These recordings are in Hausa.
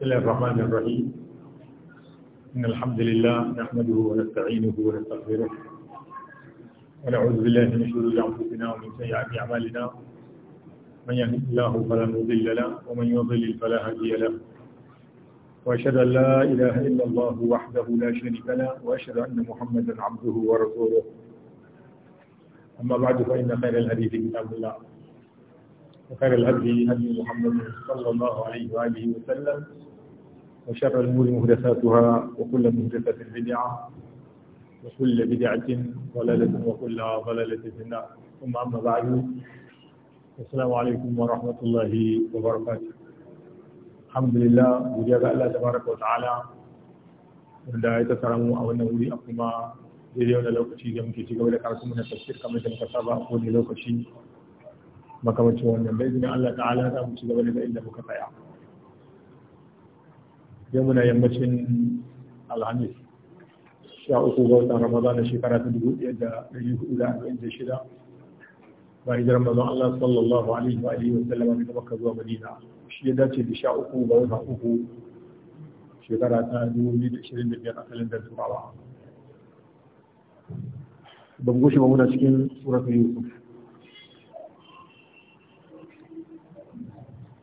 بسم الله الرحمن الرحيم إن الحمد لله نحمده ونستعينه ونستغفره ونعوذ بالله من شرور أنفسنا ومن سيئات أعمالنا من يهد الله فلا مضل له ومن يضلل فلا هادي له وأشهد أن لا إله إلا الله وحده لا شريك له وأشهد أن محمدا عبده ورسوله أما بعد فإن خير الحديث كتاب الله وخير الهدي هدي محمد صلى الله عليه وآله وسلم وشر الأمور مهدثاتها وكل مهدثة بدعة وكل بدعة ضلالة وكل ضلالة في النار ثم أما بعد السلام عليكم ورحمة الله وبركاته الحمد لله وجزاك الله تبارك وتعالى ولا يتكرم أو نولي أقوما ديريونا لو كشي جم قبل كارس من التفسير كما جم كسابا ودي ما كمان شو بإذن الله تعالى تام كشي إلا بكفاية jamuna muna yammacin alhamis sha uku ga watan ramadan shekara ta dubu ɗaya da ɗari hudu da arba'in da shida ba hijirar mazan allah sallallahu alaihi wa alihi wa sallama daga makka zuwa madina shi ya dace da sha uku ga watan uku shekara ta dubu biyu da ashirin da biyar a kalandar turawa ba mu gushe ba muna cikin suratun yusuf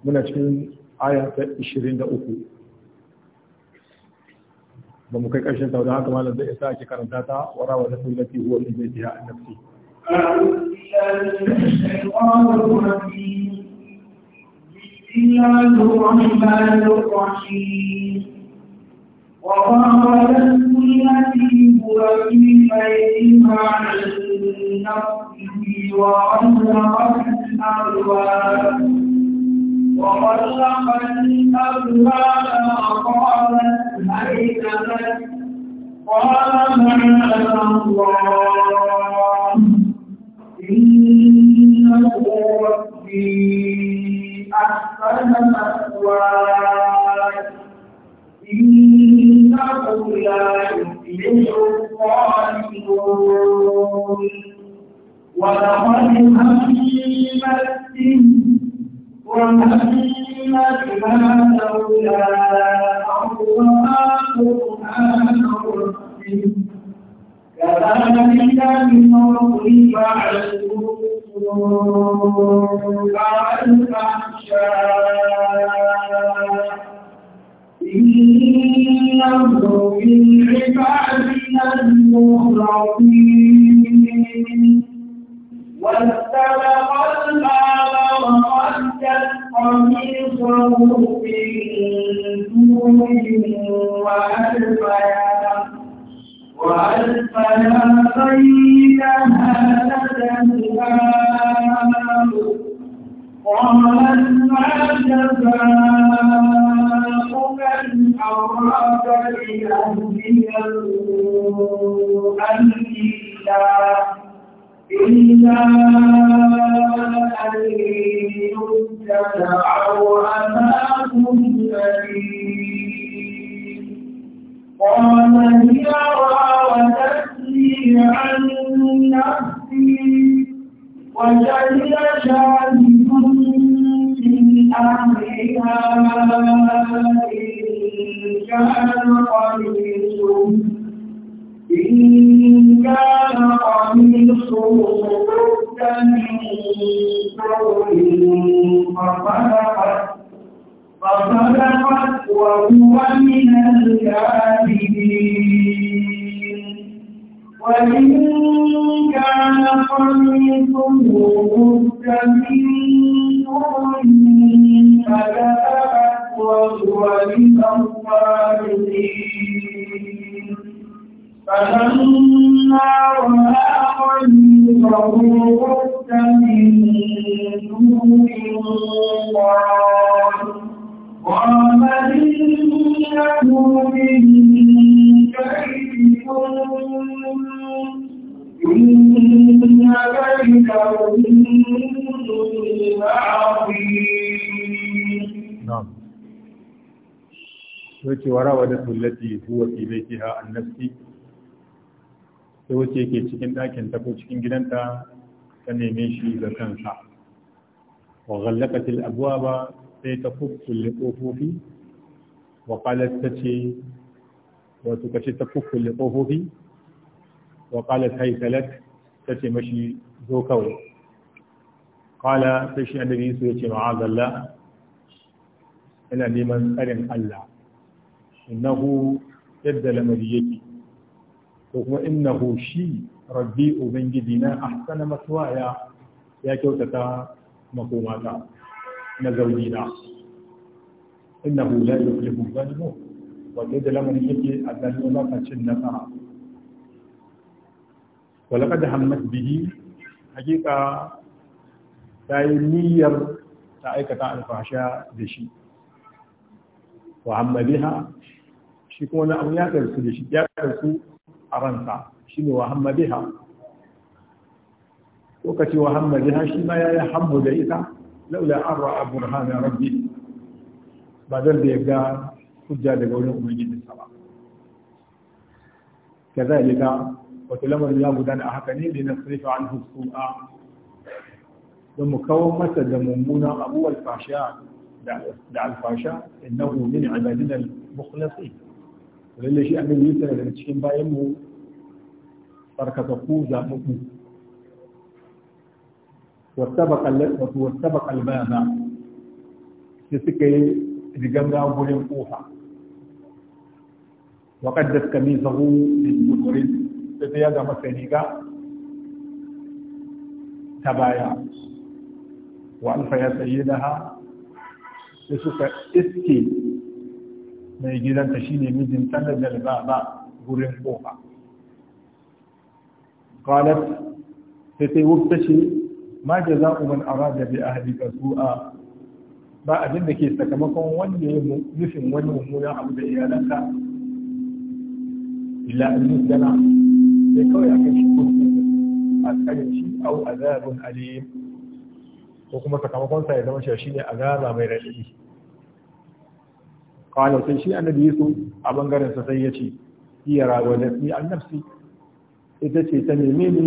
muna cikin aya ta 23 ba mu kai ƙarshen ta haka malam zai isa ake karanta ta wara wa nasu lati huwa min zai tiya nafsi وقالت التي هو في بيتها عن نفسه وأغلقت الأبواب وخلقني أبواب وقالت هيئت قال معاذ الله إنه ربي أحسن مثواي إنه لا يفلح الظالمون ولقد همت به وَمَهِّلَ بِمَا لَوْلَا اللَّهُ قُرْآنَ رَبِّهِ كَذَلِكَ لِنُرْضِيَ عَلْكُمْ الْفَحْشَاءَ إِنَّهُ مِنْ عِبَادِنَا الْمُخْلَصِينَ واستبق الباب وقدت قميصه من دون وألف وألف بينها لتذهاب قالت ما جزاء من أراد بأهلها أن إلا إلا أن يبتدع أو أباه قال هي راوة وراودته التي هو في بيتها عن نفسي sai wacce yake cikin ɗakin ko cikin gidanta ta neme shi da kansa wa ghallaqatil abwaba sai ta kukkulle kofofi wa qalat tace wato kace ta kukkulle kofofi wa qalat haytalat tace zo kawai sai shi neman tsarin Allah إنه يد لمريتي إنه شي ربي أبن جدنا أحسن مسوايا يا كوتتا مقوماتا نزوجينا إنه لا يخلف الظلم وإذا لم يجي الظلم فشنة ولقد همت به حقيقة تايمير تايكة الفحشاء بشي وعم بها shi kuma na abu ya karsu da shi ya karsu a ransa shi ne wa hamma biha ko ka ce wa hamma biha shi ma ya yi hammu da ita laula an ra'a burhana rabbi ba zan da ya ga hujja daga wurin ubangijinsa ba kazalika wa lamarin ya gudana a haka ne da na sarifa an hukku a da mu kawo masa da mummunan abubuwan fasha da alfasha innahu min ibadina al-mukhlasin lalle shi yi Yusuf daga cikin bayan mu farkakakku zaɓaɓɓu wasaba kalbana sai suka yi riganga gurin ƙofa waƙaddas kami zahu da gudurin da ta ga masa riga ta baya wa alfa ya tsaye da ha sai suka iske mai gidanta shine mijin talladal ba ba gurin kofa qalat sai sai wufta ce ma jaza'u man arada bi ahlika su'a ba abin da ke sakamakon wanda ya nufin wani mummunan abu da iyalanka illa an yusdana sai kawai akan shi kurkuku a tsarin shi au azabun alim ko kuma sakamakonsa ya zama shi ne azaba mai raɗaɗi qala sai shi annabi su a bangaren sa sai yace hiya rawadatni an nafsi ita ce ta neme ni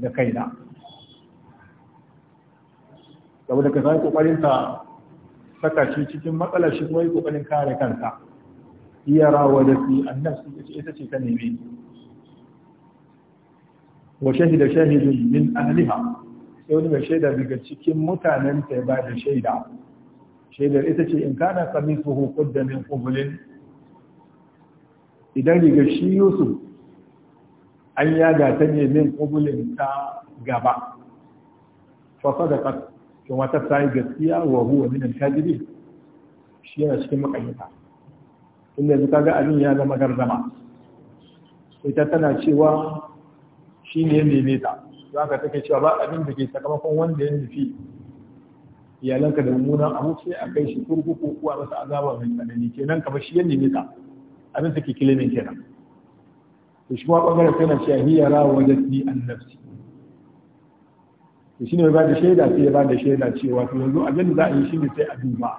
da kaina saboda ka sai kokarin ta saka shi cikin matsalar shi kuma yi kokarin kare kansa hiya rawadatni an nafsi ita ce ta neme ni wa shahida shahidun min ahliha sai wani mai shaida daga cikin mutanen ta ba da shaida shaidar ita ce in kana sami su hukun da min kubulin idan riga shi Yusuf an yaga ta ne min kubulin ta gaba da kasu kuma ta yi gaskiya wa huwa minan kajiri shi yana cikin makayyata inda yanzu kaga abin ya zama gardama ita tana cewa shi ne mai neme za ka take cewa ba abin da ke sakamakon wanda ya nufi iyalanka da mummunan abu sai a kai shi kurkuku ko kuwa masa azaba mai tsanani kenan kamar shi yanne ne abin take kilimin kenan to shi kuma bangaren sai na a hiya rawa ni an nafsi to ne ba bada shaida sai ya da shaida cewa to yanzu abin da za a yi shi ne sai a duba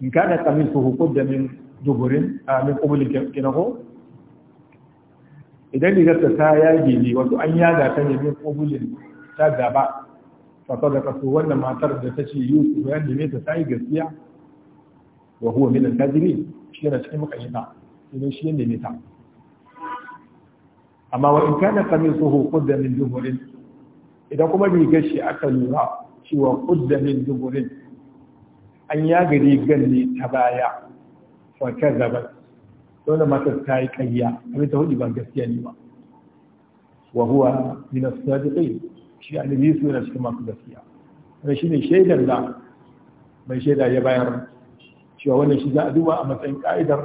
in da kamin su da min duburin a min kubulin kinako idan rigarsa ta yage ne wato an yaga ta ne min kubulin ta gaba فصدقت wannan matar da tace Yusuf ya neme ta sai gaskiya wa huwa min al-kadhibin shi yana cikin makayyata idan shi ne ta amma wa in kana qamisuhu qudda min duburin idan kuma rigar shi aka lura cewa qudda min duburin an ya gari ne ta baya fa kazaba dole matar ta yi kayya abin ta hudu ba gaskiya ne ba wa huwa min as-sadiqin shi annabi yusuf yana cikin masu gaskiya shi ne shaidar da mai shaida ya bayar cewa wannan shi za a duba a matsayin ka'idar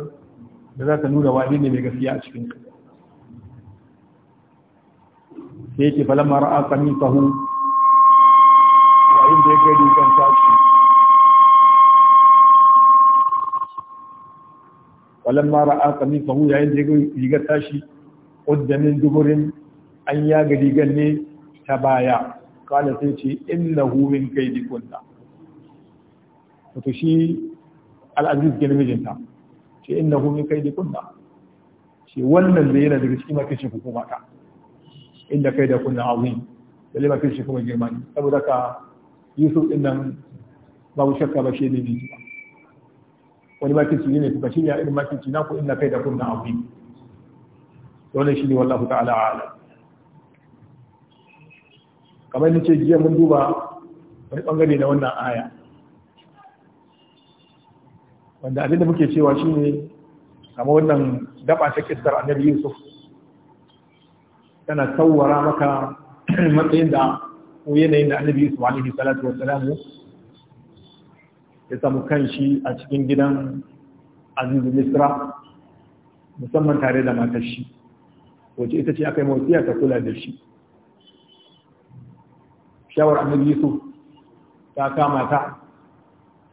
da za ta nuna wani ne mai gaskiya a cikin ka sai yake falamma ra'a qamisahu yayin da ya gari kan tashi falamma ra'a qamisahu yayin da ya gari rigar tashi ƙudda min duburin an ya rigar ne. ta baya kala sai ce innahu min kaidikunna wato shi al'aziz ke mijinta ce innahu min kaidikunna ce wannan da yana daga cikin makishin hukuma ka inda kai da kunna azim da lima kishi kuma girman saboda ka yusuf din nan babu shakka ba shi ne ne ba wani makici ne kuka ya irin makici na ku inna kai da kunna azim wannan shi ne wallahu ta'ala a'lam kamar ce jiya mun duba wani bangare na wannan aya wanda abinda muke cewa shine kamar wannan daba ta kissar annabi Yusuf tana tsawara maka matsayin da ko yanayin da annabi Yusuf alaihi salatu wassalam ya samu kanshi a cikin gidan Aziz Misra musamman tare da matar shi wace ita ce aka yi mawasiya ta kula da shi shawar annabi yusuf ta kama ta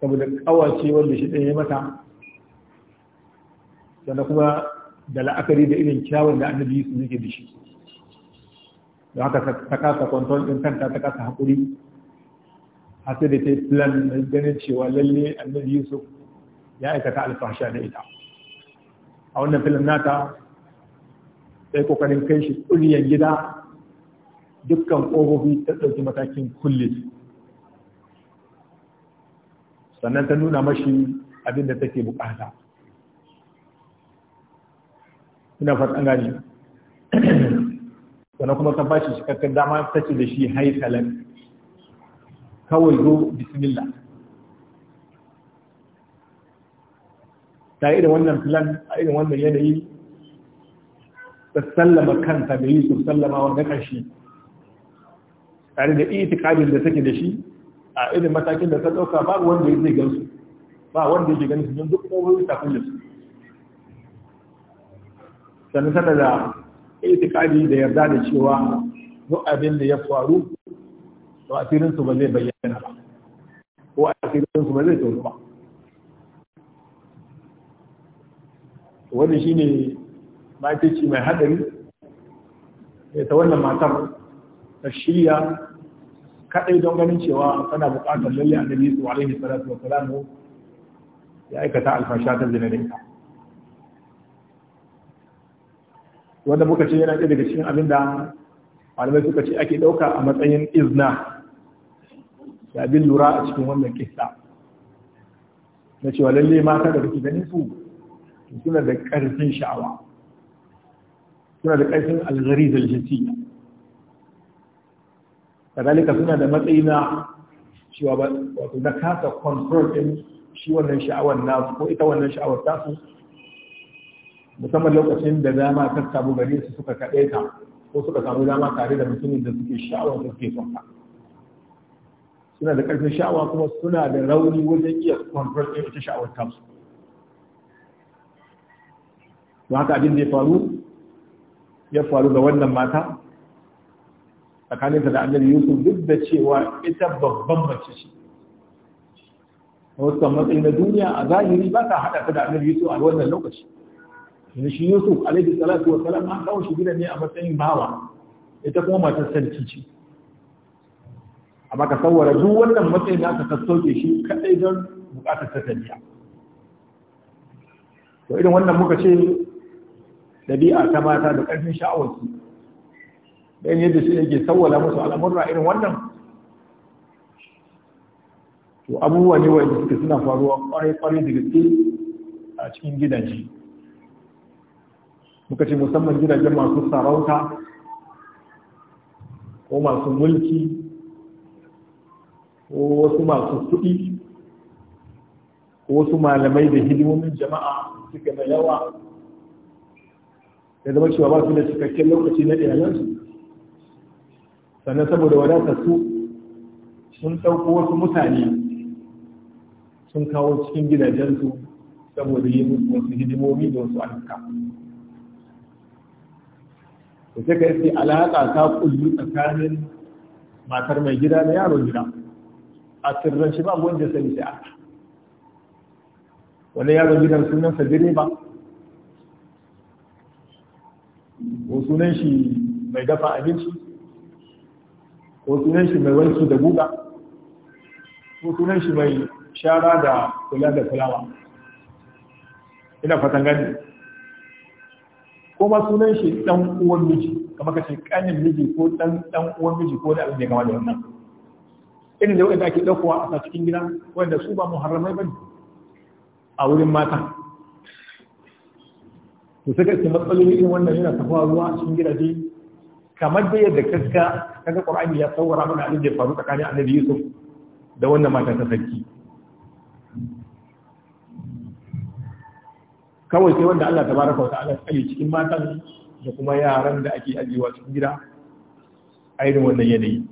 saboda kawace wanda shi ɗaya mata sannan kuma da la'akari da irin kyawun da annabi yusuf yake da shi da haka ta kasa kwanton ɗin kanta ta kasa haƙuri a sai da ta yi plan na ganin cewa lalle annabi yusuf ya aikata alfasha da ita a wannan filin nata sai kokarin kai shi ƙuriyan gida dukkan ƙofofi ta ɗauki matakin kulle su sannan ta nuna mashi abin da take bukata ina fatan gani sannan kuma ta bashi cikakken dama ta ce da shi haikalan kawai zo bismillah ta irin wannan filan a irin wannan yanayi ta sallama kanta da su sallama wanda ƙarshe tare da itikadin da take da shi a irin matakin da ta dauka ba wanda ya zai gansu ba wanda ya ganin su don duk kowa ta da su sannan sana da itikadi da yarda da cewa duk abin da ya faru to asirin su ba zai bayyana ba ko asirin su ba zai tauru ba wannan shine mafici mai hadari ta wannan matar ka shirya kaɗai don ganin cewa kana buƙatar lalle annabi su alaihi salatu wa salamu ya aikata alfasha ta zinarinka wanda muka ce yana daga cikin abin da malamai suka ce ake ɗauka a matsayin izna da abin lura a cikin wannan kista na cewa lalle mata da kake ganin su suna da karfin sha'awa suna da ƙarfin algari da kadalika suna da matsayi na cewa wato na kasa control din shi wannan sha'awar nasu ko ita wannan sha'awar tasu musamman lokacin da dama ta samu gare su suka kaɗe ta ko suka samu dama tare da mutumin da suke sha'awar da suke son suna da ƙarfin sha'awa kuma suna da rauni wajen iya control din ita sha'awar tasu don haka abin da ya faru ya faru ga wannan mata ta da annabi yusuf duk da cewa ita babban mace ce wasu matsayi na duniya a zahiri ba ta haɗa ta da annabi yusuf a wannan lokaci yanzu shi yusuf alaihi salatu wa salam an kawo shi gida ne a matsayin bawa ita kuma matar sarki ce amma ka sawara duk wannan matsayin da aka kasoke shi kaɗai don buƙatar ta tafiya to irin wannan muka ce ɗabi'a ta mata da ƙarfin sha'awarsu dan yadda shi yake sawwala musu al'amurra irin wannan to abubuwa ne wanda suke suna faruwa kwarai kwarai da gaske a cikin gidaje muka ce musamman gidajen masu sarauta ko masu mulki ko wasu masu kuɗi ko wasu malamai da hidimomin jama'a suka da yawa ya zama cewa ba su da cikakken lokaci na iyalansu sannan saboda wadatar su sun ɗauko wasu mutane sun kawo cikin gidajensu saboda yi musu wasu hidimomi da wasu alka da sai ka yi alaka ta kullu tsakanin matar mai gida da yaron gida a sirran shi ba wanda sani sai aka wani yaron gidan sunansa ba? ko sunan shi mai dafa abinci ko sunan shi mai wanki da guga ko sunan shi mai shara da kula da fulawa ina fatan gani ko ma sunan shi dan uwan miji kamar ka ce kanin miji ko dan dan uwan miji ko da abin da kama da wannan irin da wanda ake daukowa a cikin gida wanda su ba muharramai bane a wurin mata to suka ce matsaloli irin wannan yana tafawa ruwa a cikin gidaje kamar da yadda kaska kaga qur'ani ya tsawara mana abin da ya faru tsakanin annabi yusuf da wannan mata ta sarki kawai sai wanda Allah tabaraka wa ta'ala tsali cikin matan da kuma yaran da ake ajiyewa cikin gida a irin wannan yanayi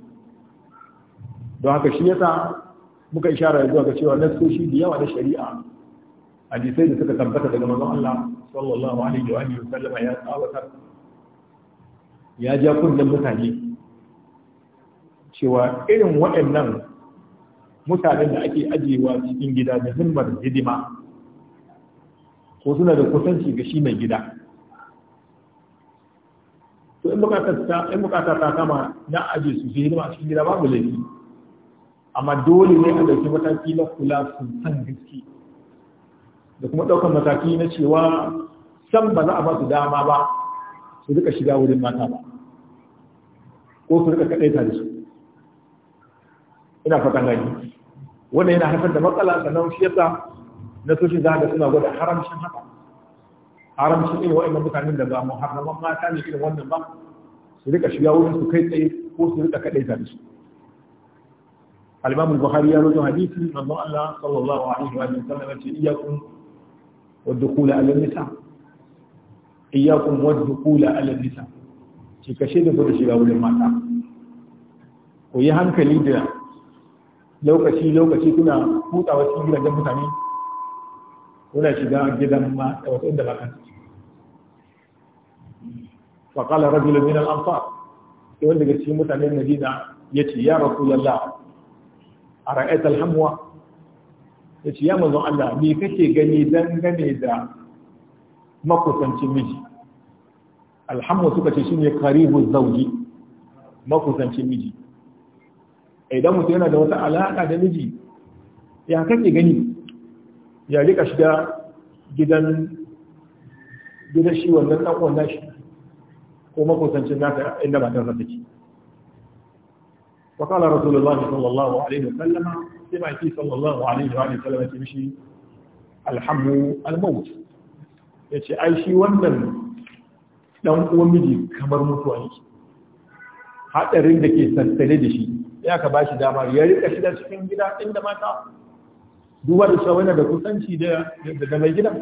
don haka shi yasa muka ishara zuwa ga cewa nasoshi da yawa na shari'a hadisai da suka tabbata daga manzon Allah sallallahu alaihi wa alihi wa sallama ya tsawata ya ja kunnen mutane cewa irin waɗannan mutanen da ake ajiyewa cikin gida da himmar hidima ko suna da kusanci ga shi mai gida to in bukata ta kama na aje su su hidima a cikin gida babu laifi amma dole ne a ɗauki mataki na kula sun san gaske da kuma ɗaukar mataki na cewa san ba za a ba su dama ba su rika shiga wurin mata ba ko su rika kaɗaita da su ina fatan gani wannan yana haifar da matsala sannan shi yasa na soshi za ga suna gwada haramcin haka haramcin irin wa'in mutanen da ba mu harraman mata ne irin wannan ba su rika shiga wurin su kai tsaye ko su rika kaɗaita da su al-imam al-bukhari ya rawaito hadisi manzon Allah sallallahu alaihi wa sallam ya ce iyakum wa dukhul al-nisa' iyyakum wadkhula ala nisa ki kashe da gudu shiga wurin mata ku yi hankali da lokaci lokaci kuna hutawa cikin gidajen mutane kuna shiga gidan mata wata inda ba kan fa qala rajulun min al-ansar sai wanda daga cikin mutanen Madina yace ya rasulullah ara'aita al-hamwa yace ya manzon Allah me kake gani dangane da makusancin miji alhamdu suka ce shine qaribu zauji makusancin miji idan mutum yana da wata alaƙa da miji ya kake gani ya rika shiga gidan gidan shi wannan dan uwan shi ko makusancin naka inda matarsa take وقال رسول الله صلى الله عليه وسلم لما في صلى الله عليه وآله وسلم تمشي الحم الموت ya ce ai shi wannan dan uwan miji kamar mutuwa yake hadarin da ke sassane da shi ya ka bashi dama ya rika shi cikin gida inda mata duba da cewa da kusanci da da mai gida,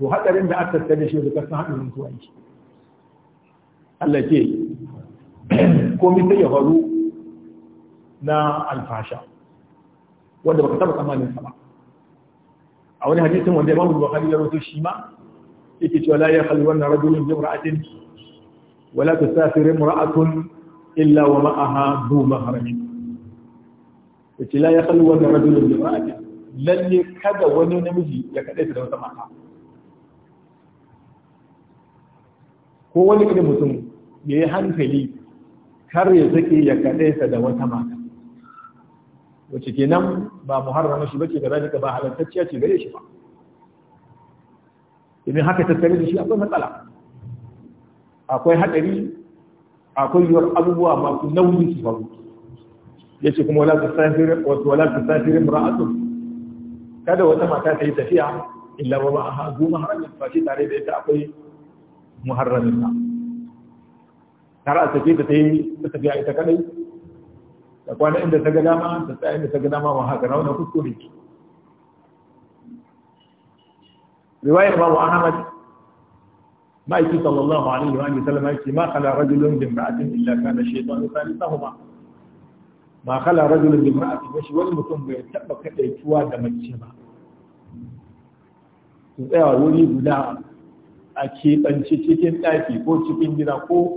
to hadarin da aka sassane shi da kasan hadarin mutuwa yake Allah ke komai sai ya faru na alfasha wanda baka taba tsammanin sa ba a wani hadisin wanda Imam Bukhari ya rawaito shi ma yake cewa la ya khalwanna rajulun bi imra'atin wala tusafir imra'atun illa wa ma'aha bu mahramin yace la ya khalwanna rajulun bi imra'atin lalle kada wani namiji ya kadaita da wata mata ko wani irin mutum ya yi hankali kar ya zake ya kaɗaisa da wata mata wacce kenan ba muharrama shi bace da zalika ba halattacciya ce gare shi ba idan haka tattare da shi akwai matsala akwai haɗari akwai yiwuwar abubuwa masu nauyi su faru ya ce kuma wala ta safirin ra'atun kada wata mata ta yi tafiya illa wa ba a hazu maharamin fashe, tare da ita akwai maharamin ta tare a sake ta ta yi ta tafiya ita kadai da kwana inda ta ga dama ta tsaya inda ta ga dama wa haka na wani kuskure riwayar babu ahmad ma'aiki sallallahu alaihi wa sallam ya ce ma kala rajulun bin ra'atin illa kana shaytanu thalithahuma ma kala rajulun bin ra'atin shi wani mutum bai taba kadaituwa da mace ba su tsayawa wuri guda a keɓance cikin ɗaki ko cikin gida ko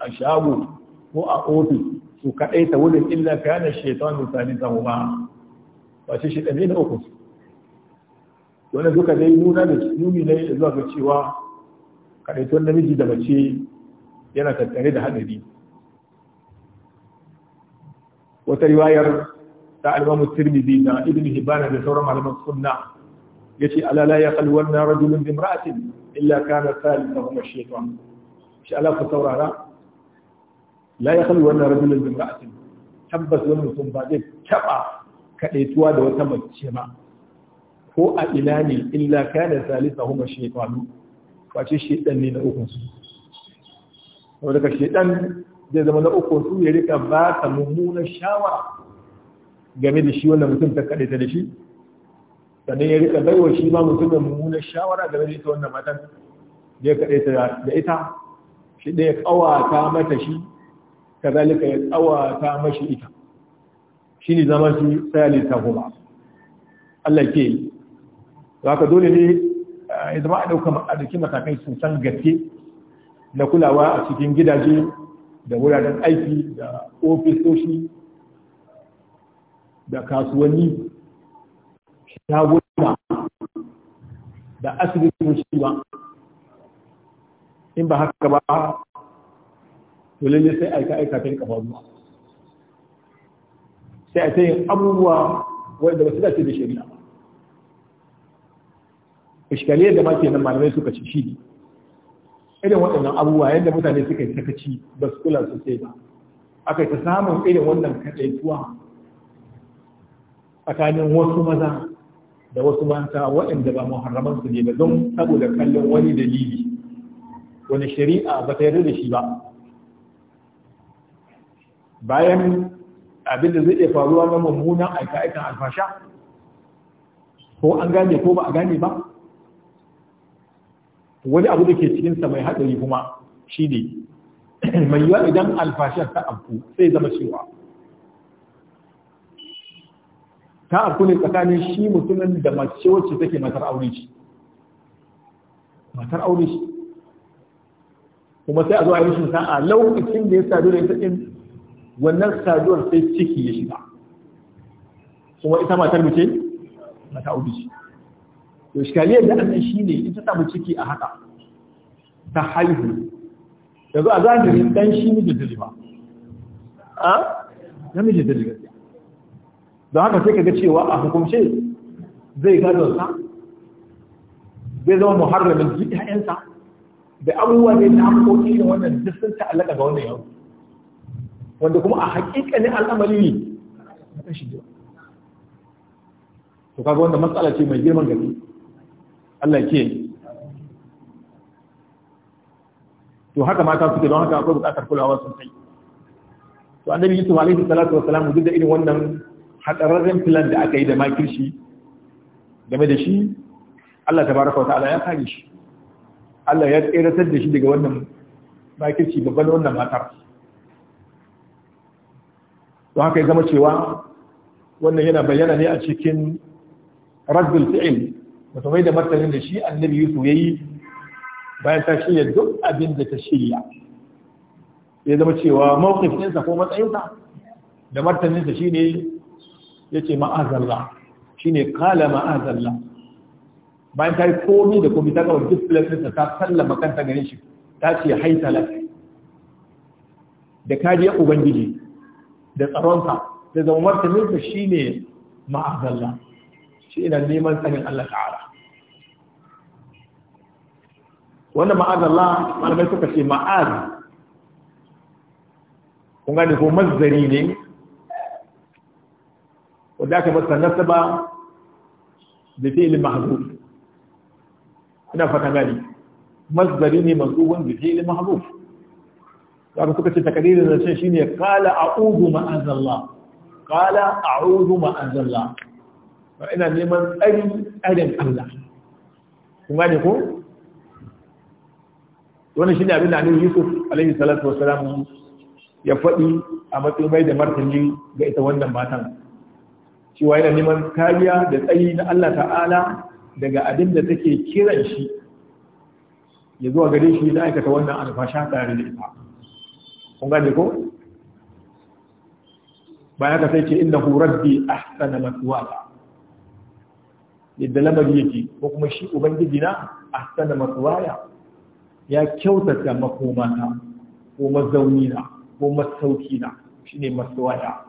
a shago ko a ofis su kaɗai ta wurin illa kana shaitan misali ta huma ba shi shi ɗanne na uku wannan duka dai nuna da nuni ne zuwa ga cewa kaɗaiton namiji da mace yana tattare da haɗari wata riwayar ta almamu tirmidhi da ibn hibana da sauran malaman sunna yace ala la ya yaqal wanna rajulun bi imra'atin illa kana thalithahum ash-shaytan shi ala ku saurara la ya yaqal wanna rajulun bi imra'atin tabbas wannan mutum ba zai taba kadaituwa da wata mace ba ko a ina ne illa kana salisa huma shaytanu shi shaytan ne na uku su wanda ka shaytan zai zama na uku su ya rika ba ka mummunan shawara game da shi wanda mutum ta kaɗaita ta da shi sannan ya rika baiwa shi ma mutum da mummunan shawara game da ita wannan matan da ya ta da ita shi ɗaya ƙawata kawata mata shi zalika ya kawata mashi ita Shi ne zama shi ta kuma Allah ke Baka haka dole ne eh, ya zama a ɗauka a ɗauki matakai sun san gaske na kulawa a cikin gidaje da wuraren aiki da ofisoshi da kasuwanni shaguna da shi ba in ba haka ba dole ne sai aika aika ta rika sai a yin abubuwa wanda ba su dace da shari'a iskaliyar da ma nan malamai suka ci shi irin waɗannan abubuwa yadda mutane suka yi sakaci ba su kula sosai ba aka ta samun irin wannan kaɗaituwa tsakanin wasu maza da wasu mata waɗanda ba muharraman su ne ba don saboda kallon wani dalili wani shari'a ba ta yarda da shi ba bayan abin da zai iya faruwa na mummunan aika-aikan alfasha ko an gane ko ba a gane ba wani abu da ke cikinsa mai haɗari kuma shi ne mai yiwa idan alfashar ta abu sai zama cewa ta abu ne tsakanin shi mutumin da mace wacce take matar aure shi matar aure shi kuma sai a zo a yi shi a lokacin da ya sadu da ita din wannan saduwar sai ciki ya shiga kuma ita matar mace mata aure shi to shikaliyar da annan shi ne ita ta ciki a haka ta haihu yanzu a zahirin dan shi miji daliba a namiji daliba don haka sai kaga cewa a hukumce zai gadonsa zai zama muharramin ji ƴaƴansa da abubuwa zai ta haƙoƙi da wannan duk ta ta'allaka ga wannan yau wanda kuma a haƙiƙanin al'amari ne a kan shi to kaga wanda matsala ce mai girman gaske Allah ke to haka mata suke don haka akwai bukatar kulawa sosai to annabi yusuf alaihi salatu wa salam duk da irin wannan hadararren filan da aka yi da makirshi game da shi Allah tabaraka wa ta'ala ya kare shi Allah ya tseratar da shi daga wannan makirci babban wannan matar To haka ya zama cewa wannan yana bayyana ne a cikin raddul fi'il wato mai da martanin da shi annabi yusuf ya yi bayan ta shirya duk abin da ta shirya ya zama cewa mawqif ko matsayinsa da martaninsa shi ne ya ce ma'azalla shi ne kala ma'azalla bayan ta yi komi da komi ta kawar duk filafinsa ta sallama kanta gare shi ta ce haitala da kariyar ubangiji da tsaronsa da zama martaninsa shi ne ma'azalla shi ina neman sanin Allah ta'ala wanda ma'azalla malamai suka ce ma'az kun gane ko mazzari ne wanda aka masa nasaba da fi'il mahzuf ina fata gani mazzari ne mansubun da fi'il mahzuf aka suka ce takadirin da shi shine qala a'udhu ma'azallah qala a'udhu ma'azalla ina neman tsari tsarin Allah kun gane ko shi ne abin da annabi yusuf alaihi salatu wa salam ya faɗi a matsayin mai da martani ga ita wannan matan cewa yana neman kariya da tsayi na Allah ta'ala daga abin da take kiran shi ya zuwa gare shi da aikata wannan alfasha tare da ita kun gane ko baya ka sai ce inda hu rabbi ahsana maswaya yadda lamari yake ko kuma shi ubangiji na ahsana maswaya ya kyautata makomata ko mazaunina ko masaukina shine maswaya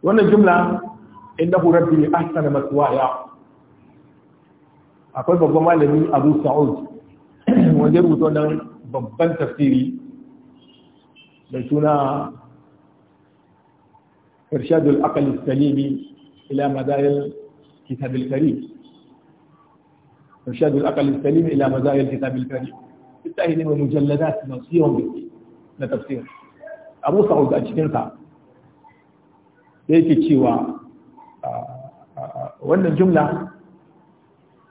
wannan jumla innahu rabbi ahsana maswaya akwai babban malami Abu Sa'ud wanda rubuta wannan babban tafsiri mai suna Irshadul Aqal Salimi ila Madayil Kitab al ارشاد الاقل السليم الى مزايا الكتاب الكريم al-kitab مجلدات karim littafi ne mai mujalladat masu yawan na abu a cikin sa da yake cewa wannan jumla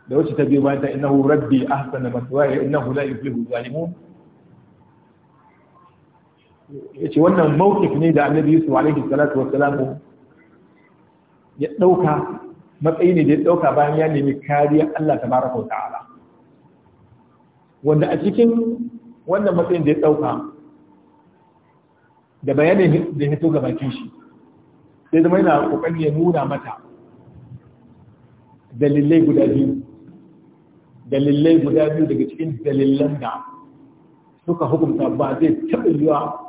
da wacce ta biyo bayan ta innahu rabbi ahsana innahu la yuflihu zalimun yace wannan mawqif ne da annabi yusuf alaihi salatu wassalam ya dauka matsayi ne da ya ɗauka bayan ya nemi kariyar Allah ta baraka wa ta'ala wanda a cikin wannan matsayin da ya ɗauka da bayanin da ya ga bakin shi sai zama yana ƙoƙarin ya nuna mata dalilai guda biyu dalilai guda biyu daga cikin dalilan da suka hukunta ba zai taɓa yiwa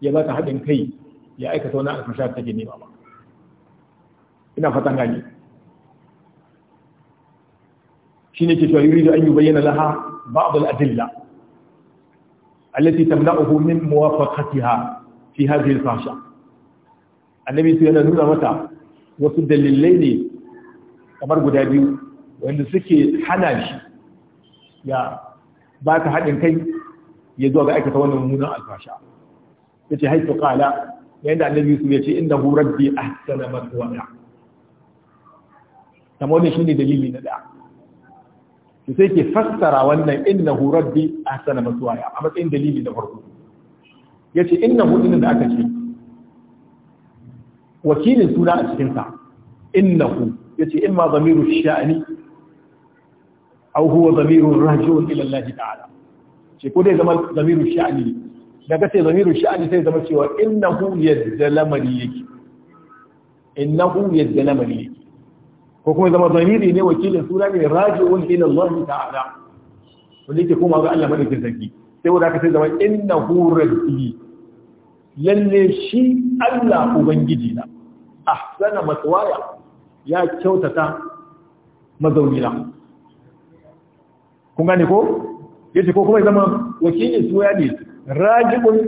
ya ba ta haɗin kai ya aikata wani alfashar ke nema ba ina fata gani Shi ne ke cewa da an bayyana laha ba'd al-adilla allati tamna'uhu min muwafaqatiha fi hadhihi al fasha annabi sai yana nuna mata wasu dalilai ne kamar guda biyu wanda suke hana shi ya ba ta haɗin kai ya zuwa ga aikata wannan mummunan alfasha ya ce haifu ƙala yayin da annabi su ya ce inda a sanar na wata kamar shi ne dalili na da Su sai ke fassara wannan innahu rabbi ahsana maswaya a matsayin dalili da farko Ya yace innahu din da aka ce wakilin suna a cikinsa hu, ya ce in ma zamiru sha'ni aw huwa zamiru raji'un ila Allah ta'ala ce ko dai zama zamiru sha'ni daga sai zamiru sha'ani sai zama cewa hu yadda lamari yake hu yadda lamari yake ko kuma zama zamiri ne wakilin suna ne raji'un ila Allah ta'ala wanda yake koma ga Allah madaukin sarki sai wanda aka sai zama innahu rabbi lalle shi Allah ubangiji na ahsana matwaya ya kyautata mazaunina kun gane ko yace ko kuma zama wakilin sura ne wani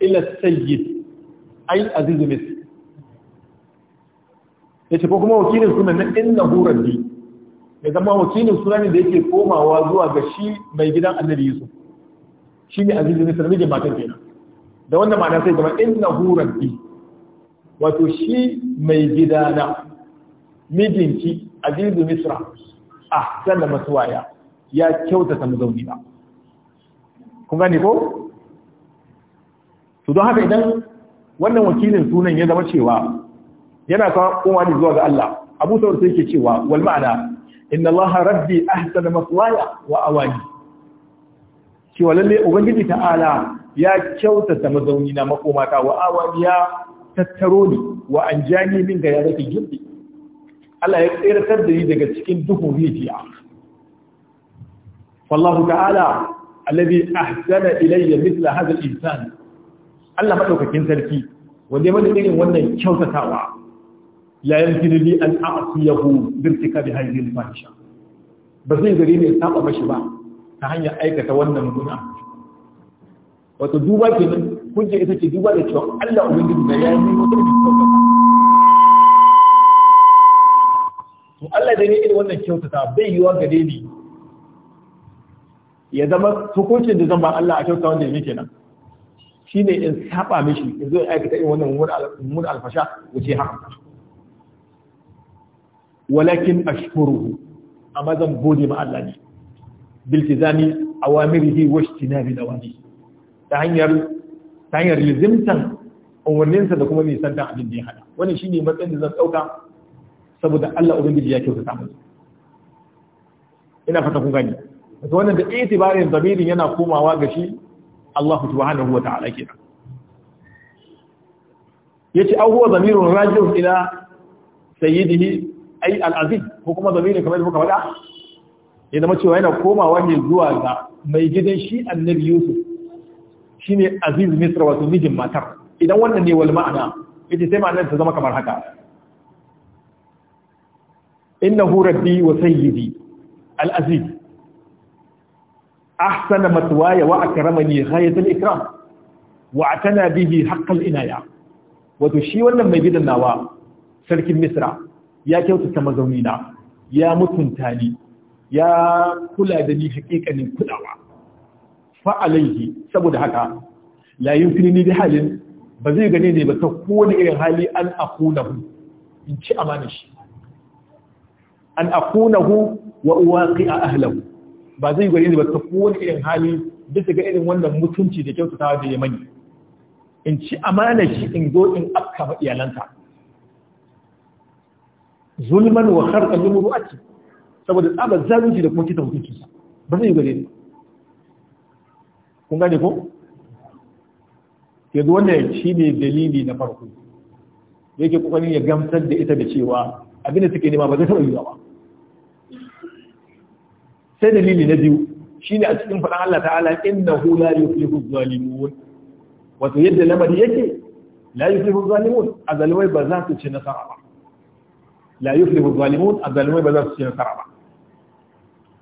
ila sayyid ay azizul yace ko kuma wakilin sunan na innahu rabbi ya zama wakilin sunan da yake komawa zuwa ga shi mai gidan annabi yusuf shine aziz bin sarmi da matan kenan da wannan ma'ana sai zama innahu rabbi wato shi mai gidana mijinki azizu misra ah masu masuwaya ya kyautata mazauni ba kun gane ko to don haka idan wannan wakilin sunan ya zama cewa yana kuma ni zuwa ga Allah Abu Sa'ud sai yake cewa wal ma'ana inna Allah rabbi ahsana maslaya wa awani cewa lalle ubangiji ta'ala ya kyautata mazauni na makomata wa awani ya tattaro ni wa anjani min ga yarake gindi Allah ya tsiratar da ni daga cikin duhun rijiya wallahu ta'ala alladhi ahsana ilayya mithla hadha al-insan Allah madaukakin sarki wanda ya mana irin wannan kyautatawa la yamkinu li an a'siyahu bi da hadhihi al-fahisha ba zai gare ne saba bashi ba ta hanyar aikata wannan guna wato duba ke nan, kun hujja ita ce duba da cewa Allah ubangiji da ya yi wata da kyauta to Allah da ne irin wannan kyautata bai yiwa gare ni ya zama hukuncin da zan ba Allah a kyauta wanda yake kenan shine in saba mishi in zo aikata irin wannan mun alfasha wuce haka walakin ashkuruhu amma zan gode ma Allah ne biltizami awamirihi wa ijtinabi nawahi ta hanyar ta hanyar umarninsa da kuma nisantan abin da ya hada wannan shine matsayin da zan dauka saboda Allah ubangiji ya kyautata mu ina fata kun gani to wannan da itibarin zamirin yana komawa ga shi Allah subhanahu wata'ala kenan yace aw huwa zamirun raji'un ila sayyidihi ai al'azim ko kuma zamiri kamar da muka faɗa ya zama cewa yana komawa ne zuwa ga mai gidan shi annabi yusuf shine aziz misra wato mijin matar idan wannan ne wal ma'ana ita sai ma'anar ta zama kamar haka innahu rabbi wa sayyidi al-aziz ahsana matwaya wa akramani ghayat al-ikram wa atana bihi haqq al-inaya wato shi wannan mai gidan nawa sarkin misra ya kyautata mazaunina ya mutunta ni ya kula da ni hakikanin kudawa fa alaihi saboda haka la yumkini ni da halin ba zai gane ne ba ta kowane irin hali an akunahu in ci amana shi an akunahu wa uwaqi ahlahu ba zai gane ne ba ta kowane irin hali bisa ga irin wannan mutunci da kyautatawa da ya mani in ci amana shi in zo in ma iyalanta. zulman wa kharqan lil muru'ati saboda tsabar zalunci da kuma kitan hukunci ba zai gare ni kun gane ko yanzu wannan shine dalili na farko yake kokarin ya gamsar da ita da cewa abinda suke nema ba zai taɓa yiwa ba sai dalili na biyu shine a cikin fadan Allah ta'ala innahu la yuflihu zalimun wato yadda lamari yake la yuflihu zalimun azalimai ba za su ci nasara ba la yuflihu zalimun ba za su ci nasara ba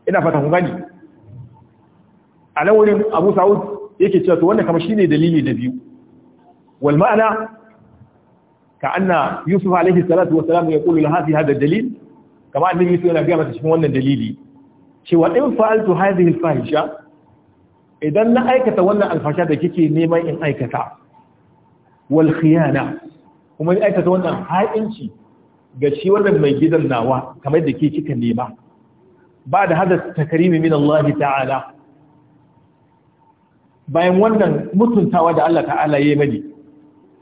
ina fata kun gani a nan wurin Abu Sa'ud yake cewa to wannan kamar shine dalili da biyu wal ma'ana ka anna Yusuf alaihi salatu wa salam yaqulu laha fi hadha dalil kama annabi Yusuf yana ga mata cikin wannan dalili cewa in fa'altu hadhihi al-fahisha idan na aikata wannan alfasha da kike neman in aikata wal khiyana kuma ni aikata wannan ha'inci ga shi wannan mai gidan nawa kamar da ke cika nema ba da hada takarimi min Allah ta'ala bayan wannan mutuntawa da Allah ta'ala yi mani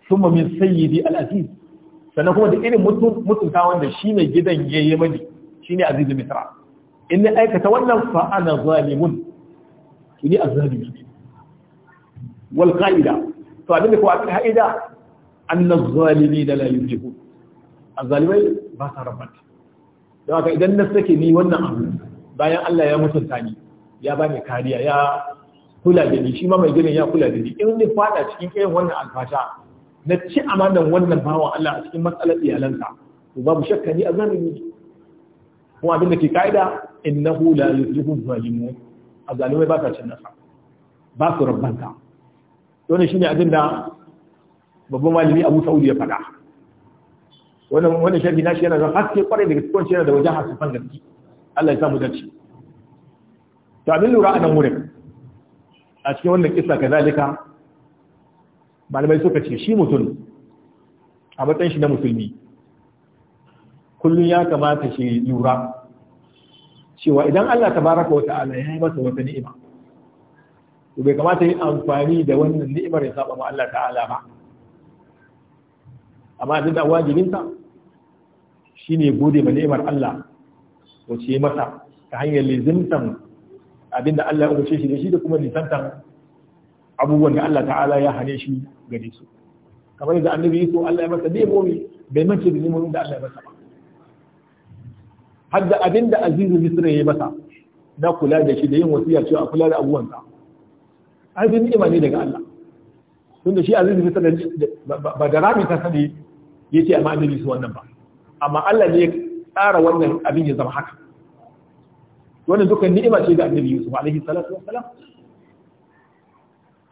thumma min sayyidi al-aziz sannan kuma da irin mutuntawa da shi mai gidan ya yi mani shi ne azizu misra in ni aikata wannan fa ana zalimun ni azzalimi wal ƙa'ida, to da ko a qaida anna az da la yuflihun Azalimai ba sa rabata don haka idan na sake ni wannan abu bayan Allah ya mutunta ni ya ba ni kariya ya kula da ni shi ma mai ginin ya kula da ni in ni fada cikin irin wannan alfasha na ci amanan wannan bawa Allah a cikin matsalar iyalanka to babu shakka ni azzalimi kuma abin da ke ka'ida innahu la yuflihu zalimu Azalimai ba sa cin nasa ba su rabbanta shi ne shine abin da babban malami Abu Saudi ya faɗa wannan shafi na shi yana da haske kwarai da gaskiya yana da wajen hasifan gaske Allah ya samu zarci to abin lura a nan wurin a cikin wannan kisa kazalika malamai suka ce shi mutum a matsayin shi na musulmi kullum ya kamata shi lura cewa idan Allah ta baraka wa ta'ala ya yi masa wata ni'ima to bai kamata yi amfani da wannan ni'imar ya saba ma Allah ta'ala ba amma abin da wajibinsa ne gode ma ni'imar Allah wace ce masa ta hanyar lizimtan abinda Allah ya umarce shi da shi da kuma lizimtan abubuwan da Allah ta'ala ya hane shi gare su kamar yadda annabi yiso Allah ya masa nemomi bai mace da nemomin da Allah ya masa ba abin da abinda Azizu Misra ya masa na kula da shi da yin wasiya cewa a kula da abubuwan sa azin ni'ima ne daga Allah tunda shi Azizu Misra ba da rami ta sani yace amma annabi su wannan ba amma Allah ne ya tsara wannan abin ya zama haka wannan dukkan ni'ima ce ga annabi Yusuf alaihi salatu wassalam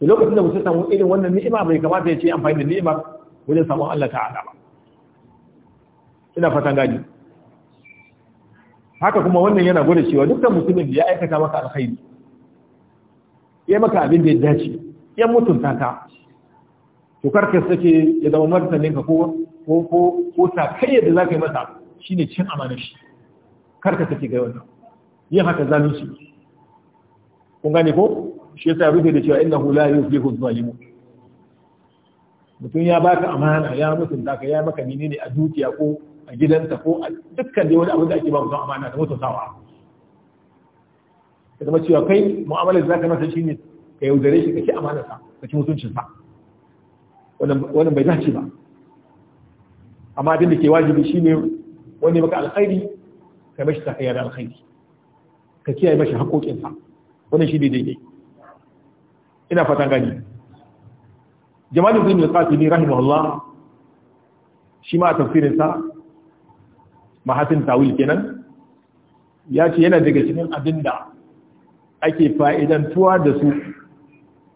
to lokacin da mutum samu irin wannan ni'ima bai kamata ya ce amfani da ni'ima wajen samun Allah ta'ala ba ina fatan gani haka kuma wannan yana gwada cewa dukkan musulmin da ya aikata maka alkhairi ya maka abin da ya dace ya mutunta ka to karkar sake ya zama martanin ka kowa ko ko ko sakayyar da za ka yi masa shine cin amanar shi karka take ga wannan yin haka zalunci kun gane ko shi yasa rufe da cewa hula yi fi yuflihu zalimun mutum ya baka amana ya mutunta ka ya maka ne a dukiya ko a gidansa ko a dukkan dai wani abin da ake ba mutum amana da mutuntawa ka zama cewa kai mu'amalar da za ka masa shi ne, ka yaudare shi ka ci amanarsa ka ci mutuncinsa wannan bai dace ba amma abin da ke wajibi shine wani maka alkhairi ka mashi ta da alkhairi ka kiyaye mashi haƙoƙinsa wannan shi ne daidai ina fatan gani jama'in zai mai tsafi ne rahimahullah shi ma a tafsirinsa mahatin tawil kenan ya ce yana daga cikin abin da ake fa'idantuwa da su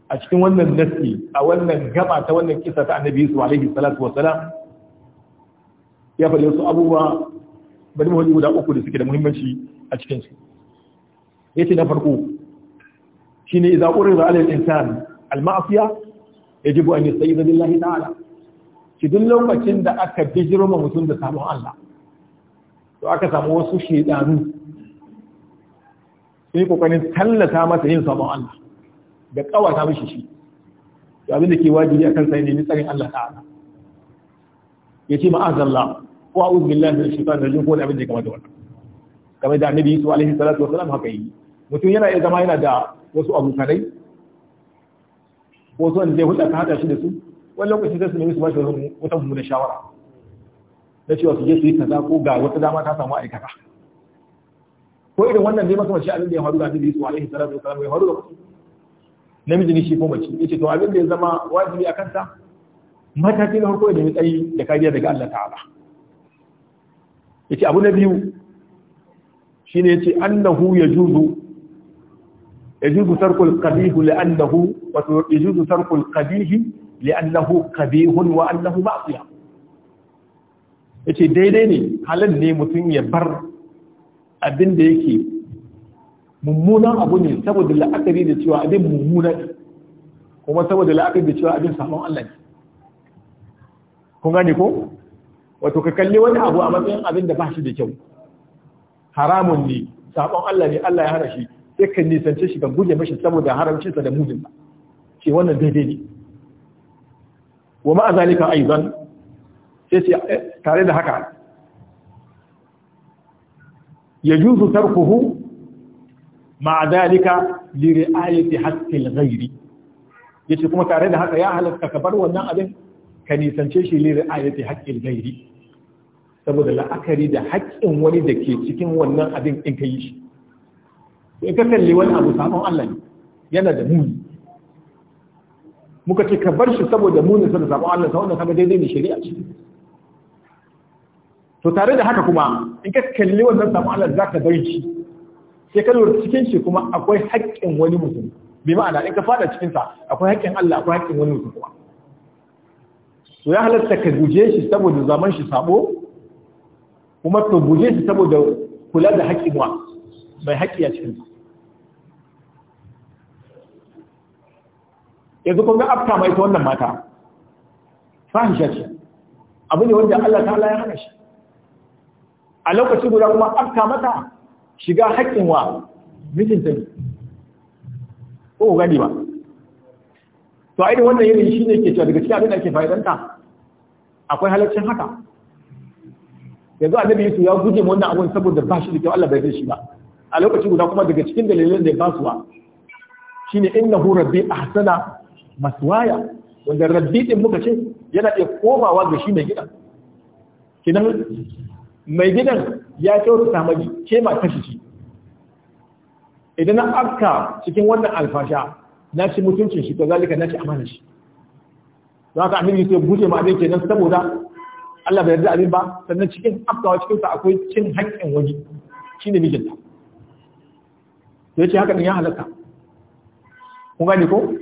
a cikin wannan nasi a wannan gaba ta wannan kisa ta annabi su alaihi salatu wasalam ya faɗi wasu abubuwa bari mu guda uku da suke da muhimmanci a cikinsu. Ya ce na farko shi ne idza urida ala al-insan al ji yajibu an yastaiza billahi ta'ala shi duk lokacin da aka bijiro ma mutum da samun Allah to aka samu wasu shedanu sai kokarin tallata masa yin sabon Allah da kawata mishi shi to abin da ke wajibi akan sai ne tsarin Allah ta'ala Ya ce ma'azallah ko a'udhu billahi minash da rajim ko abin da ya kamata wannan kamar da annabi su alaihi salatu salamu haka yi mutum yana iya zama yana da wasu abokanai ko su wanda zai hulɗa ta haɗa shi da su wani lokaci sai su nemi su bashi wata mummunan shawara na cewa su je su yi kaza ko ga wata dama ta samu aikata ko irin wannan ne maka mace abin da ya faru da annabi su alaihi salatu salamu ya faru da ku? namiji ne shi ko mace ce to abin da ya zama wajibi a kanta mataki na farko da ya tsayi da kariya daga Allah ta'ala yace abu na biyu shine yace annahu yajuzu yajuzu tarkul qabih li'annahu wa yajuzu tarkul qabih li'annahu qabihun wa annahu ma'siyah yace daidai ne halal ne mutum ya bar abin da yake mummunan abu ne saboda la'akari da cewa abin mummuna ne kuma saboda la'akari da cewa abin sabon Allah ne kun gane ko wato ka kalli wani abu a matsayin abin da ba shi da kyau haramun ne sabon Allah ne Allah ya hana shi sai ka nisance shi ka guje mashi saboda haramcinsa da mujin ce wannan daidai ne wa ma'a zalika aidan sai sai eh, tare da haka yajuzu tarkuhu ma'a zalika li ri'ayati haqqil ghairi yace kuma tare da haka ya halatta ka bar wannan abin ka nisance shi lirin ayati haƙƙin gairi saboda la'akari da haƙƙin wani da ke cikin wannan abin in ka yi shi in ka kalli wani abu sabon Allah ne yana da muni muka ce ka bar shi saboda muni saboda sabon Allah wanda kama daidai ne shari'a ce to tare da haka kuma in ka kalli wannan sabon Allah za ka bar shi sai ka lura cikin shi kuma akwai haƙƙin wani mutum bi ma'ana in ka fada cikinsa akwai haƙƙin Allah akwai haƙƙin wani mutum kuma so ya halatta ka guje shi saboda zaman shi sabo kuma ka guje shi saboda kula da haƙi wa mai haƙƙi a cikin yanzu kun ga afta mai ta wannan mata fahisha ce abu ne wanda Allah ta ya hana shi a lokaci guda kuma afta mata shiga haƙin wa mijinta ne ko gani ba to a irin wannan yanayi shi ne ke cewa daga cikin abin da ake fa'idanta akwai halaccin haka yanzu annabi yusuf ya guje wannan abun saboda ba shi da kyau Allah bai da shi ba a lokaci guda kuma daga cikin dalilan da ya basuwa shine innahu rabbi ahsana maswaya wanda rabbi din muka ce yana iya komawa ga shi mai gidan kinan mai gidan ya kyauta samari ke ma shi. idan na afka cikin wannan alfasha na ci mutuncin shi Zalika na ci amanar shi za ka amini sai guje ma abin kenan saboda Allah bai yarda abin ba sannan cikin afkawa cikin sa akwai cin haƙƙin wani shine mijinta to yace haka din ya halaka kun gane ko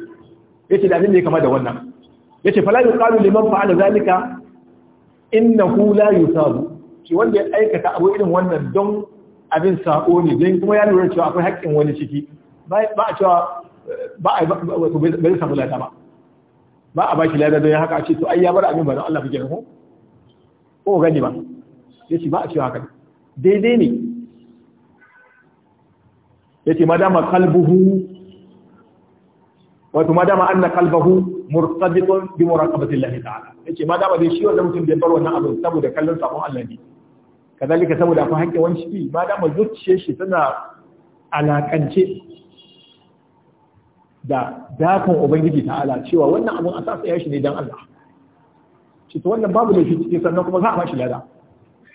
yace da abin da ya kama da wannan yace fala yuqalu liman fa'ala zalika innahu la yusabu ki wanda ya aikata abu irin wannan don abin sa'o ne don kuma ya lura cewa akwai haƙƙin wani ciki ba a cewa ba a wato bai samu lada ba ba a baki lada don haka a ce to ai ya bar abin ba don Allah kake ko ko gani ba ce ba a cewa haka daidai ne yace madama qalbuhu wato madama anna kalbahu, murtabitun bi muraqabatillahi ta'ala yace madama dai shi wannan mutum bai bar wannan abin saboda kallon sabon Allah ne kazalika saboda akwai hakkin wani shi madama zuciyar shi tana alakance da dakon ubangiji ta'ala cewa wannan abun a sasa ya shi ne don Allah shi to wannan babu laifi cikin sannan kuma za a bashi lada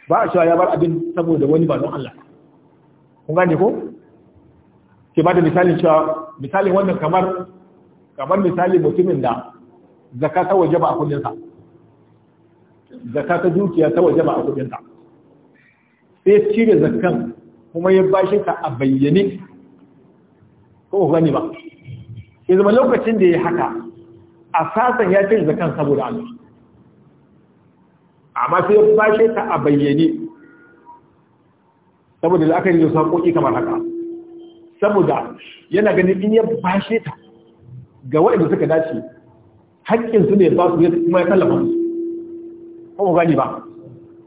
ba a cewa ya bar abin saboda wani ba don Allah kun gane ko ke ba da misalin cewa misalin wannan kamar kamar misali mutumin da zaka ta waje ba a kudin zaka ta dukiya ta waje ba a kudin sai cire zakkan kuma ya bashi ka a bayyane ko gani ba ya zama lokacin da ya haka a sasan ya ce zakan saboda Allah amma sai ya bashe ta a bayyane saboda da aka yi koki kamar haka saboda yana ganin in ya bashe ta ga waɗanda suka dace haƙƙinsu ne ba su ne kuma ya tallafa su kuma gani ba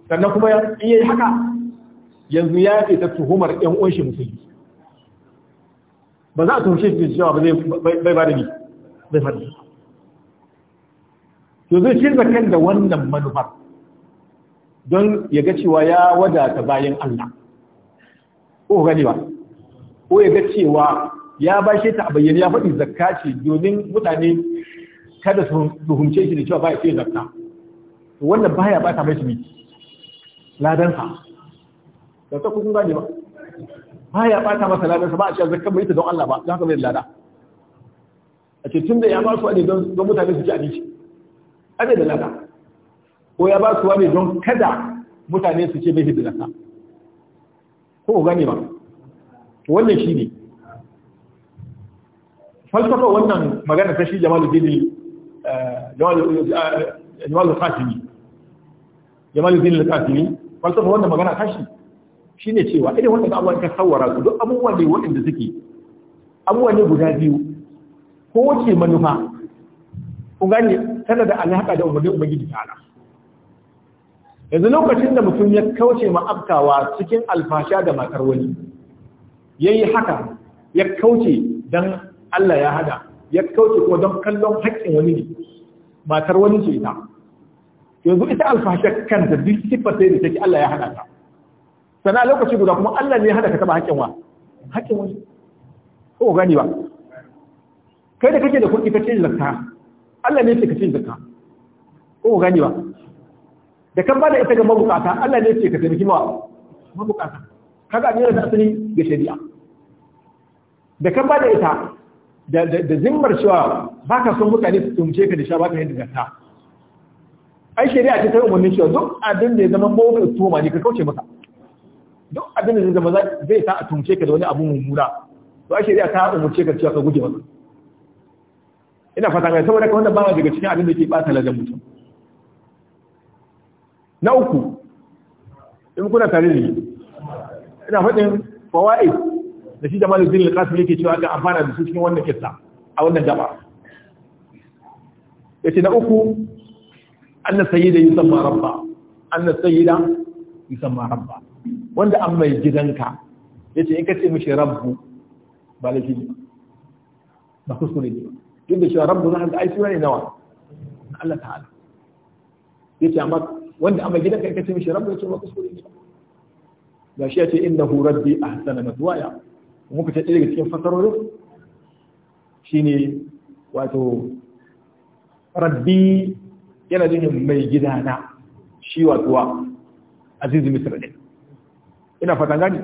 sannan kuma in yi haka yanzu ya ce ta tuhumar ‘yan uwan musulmi ba za a tumshe shi cewa ba bai ba da ni bai faɗi to zai shirza kan da wannan manufar don ya ga cewa ya wadata bayan Allah ko gani ba ko ya ga cewa ya bashe ta a bayyane ya faɗi zakka ce domin mutane kada su tuhumce shi da cewa ba ya ce zakka wannan baya ba ta mai shi ladansa da ta kun gani ba ba ya bata masa ladansa ba a cikin zakkan bai ta don Allah ba don haka mai lada a ce tun da ya ba su ne don mutane su ci abinci ade da lada ko ya ba su ne don kada mutane su ce bai da zakka ko ku gane ba wannan shi ne falsafa wannan magana ta shi jamalu jamaluddin eh, jamalu eh, qasimi jamalu al falsafa wannan magana ta shi shine cewa idan wannan abubuwan ka tsawara su duk abubuwa ne waɗanda suke abubuwa ne guda biyu ko wace manufa kun gani tana da alhaka da umarni ubangiji ta ala yanzu lokacin da mutum ya kauce ma abkawa cikin alfasha da makar wani yayi haka ya kauce dan Allah ya hada ya kauce kuma don kallon haƙƙin wani ne matar wani ce ita yanzu ita alfashar kanta duk siffar sai da take Allah ya hada ta sana lokaci guda kuma Allah ne hada ka taba haƙƙin wa haƙƙin wani ko gani ba kai da kake da kuɗi ka ce zakka Allah ne yake ka ce zakka ko gani ba da kan ba da ita ga mabukata Allah ne yake ka taimaki mawa mabukata kaga ne da asali ga shari'a da kan ba da ita da zimmar cewa baka son mutane su tumce ka da sha baka yin zakka ai shari'a ce ta umarni cewa duk abin da ya zama mawuƙin ma ne ka kauce masa duk abin da zai zama zai sa a tumce ka da wani abu mummuna to a shirya ta umurce ka cewa ka guje masa ina fata mai saboda wanda ba daga cikin abin da ke ɓata lajen mutum na uku in kuna tare da ina faɗin fawa'i da shi da zirin kasu yake cewa ga amfana da su cikin wannan kissa a wannan gaba yace na uku da sayyida yusamma rabba da sayyida yusamma rabba wanda an mai gidanka ya ce in ka ce mashi rabbu ba laifi ne ba kuskure ne duk da cewa rabbu za ka ga sura ne nawa Allah ta'ala ce amma wanda an mai gidanka in ka ce rabu rabbu ce ba kuskure ne ga shi a innahu rabbi ahsana Kuma muka ce daga cikin fasarorin ne wato rabbi yana jin mai gidana shi wato azizu misr ina fatan gani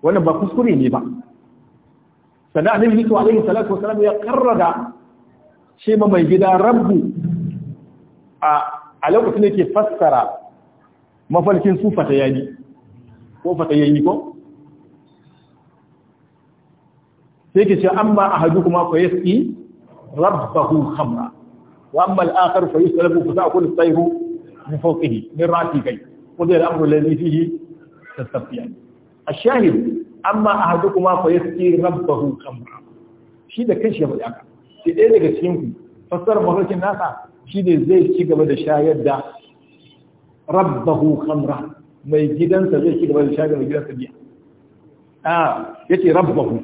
wannan ba kuskure ne ba sannan annabi Yusuf alaihi salatu wasalam ya karrada ce ma mai gida rabbu a a lokacin da ke fassara mafarkin su fatayani ko fatayani ko sai ke ce amma ahadukum fa yasqi rabbahu khamra wa amma al-akhar fa yusalabu fa ta'kul as-sayru min fawqihi min ra'si kai qul al-amru alladhi fihi a ashahid amma a ahadukum fa yasqi rabbahu khamra shi da shi ya faɗi haka sai ɗaya daga cikin ku fassarar mafarkin nasa shi ne zai ci gaba da shayar da rabbahu khamra mai gidansa zai ci gaba da shayar da gidansa biya a yace rabbahu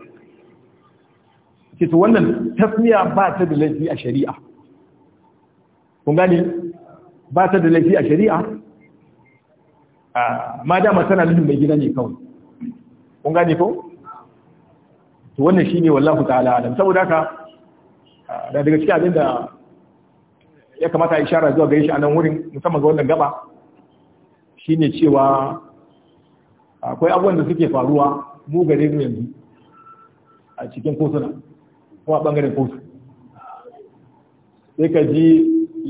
ce to wannan tasmiya ba ta da laifi a shari'a kun gani ba ta da laifi a shari'a Ah, ma dama tana nufin mai gida ne kawai kun gane ko to wannan shine wallahu ta'ala alam saboda haka ah, da daga cikin abin da ya kamata a ishara zuwa gare shi a nan wurin musamman ga wannan gaba shine cewa akwai abubuwan da suke faruwa mu gare mu yanzu a cikin kotuna ko a bangaren kotu sai ka ji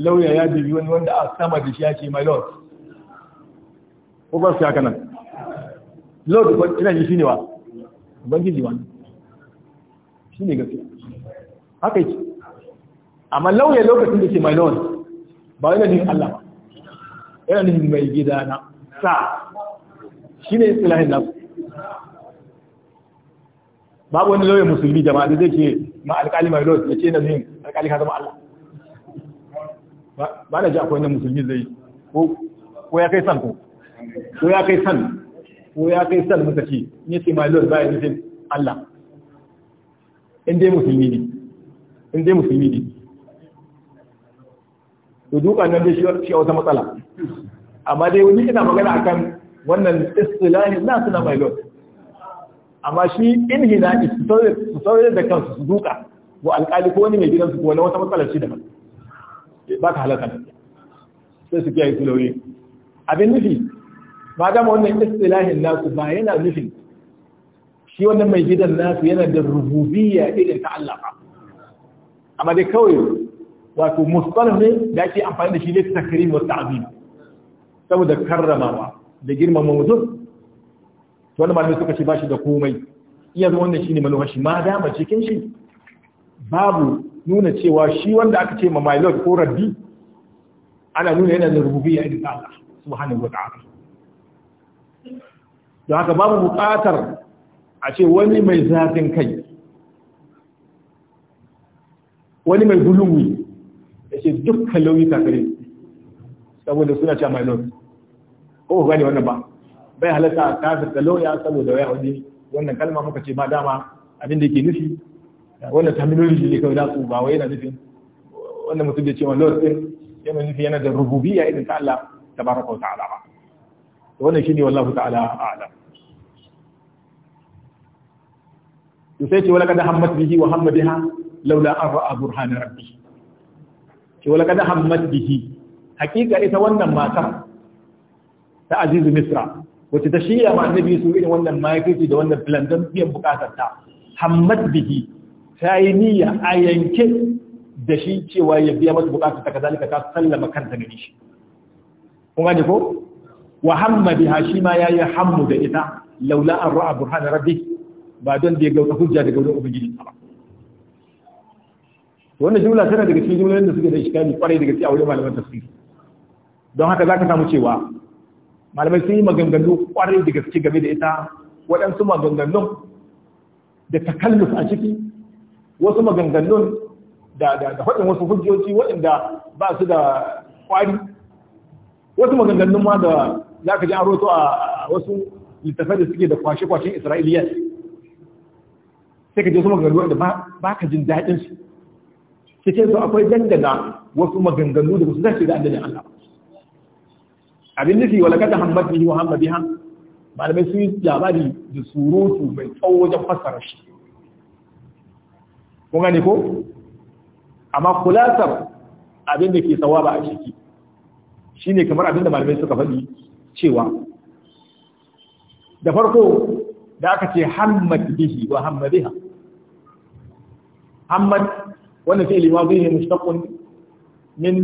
lauya ya dubi wani wanda a sama da shi ya ce my lord ko ba su haka nan lord ko ina ji shine wa ubangiji wa shine gaske? haka yake amma lauya lokacin da ke my lord ba yana nufin Allah ba yana nufin mai gida na sa shine ilahin nasu babu wani lauya musulmi jama'a da zai ce ma alƙali mai lord ya ce na zai alƙali ka zama Allah ba na ji akwai wani musulmi zai ko ya kai san ko ko ya kai san ko ya kai san muka ci ya ce my lord bai nufin Allah in dai musulmi ne in dai musulmi ne to duka nan dai shi a wata matsala amma dai wani ina magana akan wannan istilahi na suna my lord amma shi in hina su sauye da kansu su duka ko alƙali ko wani mai gidansu ko wani wata matsalar shi da ba ka halaka sai su kiyaye su lauye. abin nufi ba dama wannan istilahin nasu ba yana nufin shi wannan mai gidan nasu yana da rububiyya irin ta Allah ba amma dai kawai wato mustalah ne da ake amfani da shi ne takrim wa ta'zim saboda karramawa da girmama mutum to wannan malamai suka ce ba shi da komai iya zama wannan shine manuwa shi ma dama cikin shi babu nuna cewa shi wanda aka ce ma my lord ko rabbi ana nuna yana da rububiyya irin ta Allah subhanahu wa ta'ala don haka babu buƙatar a ce wani mai zafin kai wani mai gulumi da ce dukkan lauyuka gare saboda suna cewa mai lauyi ko gani wannan ba bai halatta a kafir da lauya saboda waya wani wannan kalma muka ce ma dama abinda ke yake nufi wannan terminology ne kawai dasu ba wai yana nufin wannan mutum da cewa lauyi din yana nufi yana da rububiya irin ta Allah tabaraka wa ta'ala ba wannan ne wallahu ta'ala a'lam to sai ce wala kada hammat bihi wa hamma biha laula an ra'a burhana rabbi ce wala kada hammat bihi hakika ita wannan matar ta azizu misra Wace ta shirya ma annabi su irin wannan makirci da wannan filan don biyan bukatar ta hammat bihi ta yi niyya a yanke da shi cewa ya biya mata bukatar ta kazalika ta sallama kanta gare shi kun ko wa hamma biha shi ma yayi hammu da ita laula an ra'a burhana rabbi ba don da ya gauta hujja daga wurin ubangiji ba wannan jumla tana daga cikin jumlolin da suke da iskali kwarai daga cikin aure malaman tafsiri don haka zaka samu cewa malamai sun yi maganganu kwarai da gaske game da ita waɗansu maganganun da takalluf a ciki wasu maganganun da da faɗin wasu hujjoji waɗanda ba su da kwari wasu maganganun ma da za ka ji an roto a wasu littafai da suke da kwashe-kwashen isra'iliyat sai ka je wasu maganganu da ba ka jin daɗin su sai ce su akwai dangana wasu maganganu da wasu zace da annabin Allah abin nufi wala kada hammad bihi wa hammad biha malamai sun yi labari da surutu mai tsawo wajen fassara shi kun gane ko amma kulasar abin da ke ba a ciki shine kamar abin da malamai suka faɗi cewa da farko da aka ce hammat bihi wa hamma biha hammat wanda fi limazi ne mushtaqun min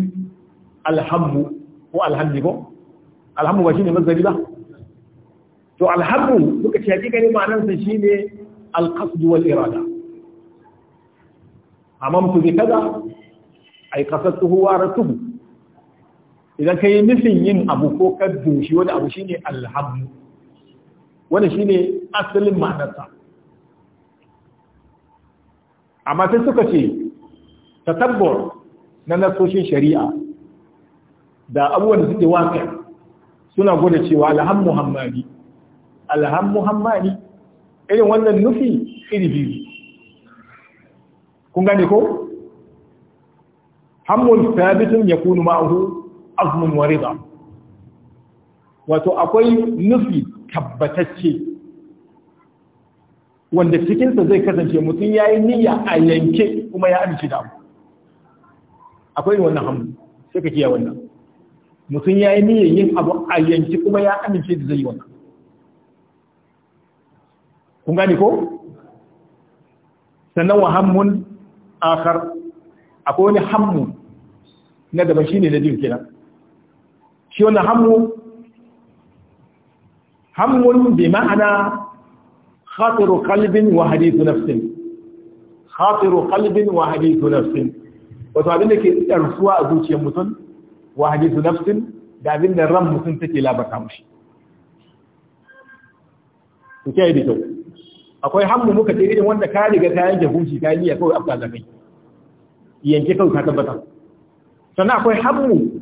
alhammu ko alhamdi ko alhammu ba shine mazari ba to alhammu duka ce hakika ne ma'anar sa shine alqasd wal irada amamtu bi kaza ay qasadtuhu wa aratuhu idan ka yi nufin yin abu ko ka dushi wani abu shine alhamdu wani shine asalin ma'anarsa amma sai suka ce ta tabbar na nasoshin shari'a da abubuwan da suke waka suna gwada cewa alham muhammadi alham muhammadi irin wannan nufi iri biyu kun gane ko hammun sabitin ya kunu ma'ahu azmun wa rida wato akwai nufi tabbatacce wanda cikinsa zai kasance mutum ya yi niyya a yanke kuma ya amince da abu akwai wannan hamu sai ka kiya wannan mutum ya yi niyyar yin abu a yanke kuma ya amince da zai yi wannan kun gane ko sannan wa hammun akar akwai wani hamu na daban shine na jin kenan shi wannan hammu hammun bi ma'ana khatiru qalbin wa hadithu nafsin khatiru qalbin wa hadithu nafsin wato abin da ke tsarsuwa a zuciyar mutum wa hadithu nafsin da abin da ran mutum take labarta mushi ku kiyaye da kyau akwai hammu muka ce irin wanda ka riga ta yanke hukunci ta niyya kawai afka zakai yanke kawai ka tabbata sannan akwai hammu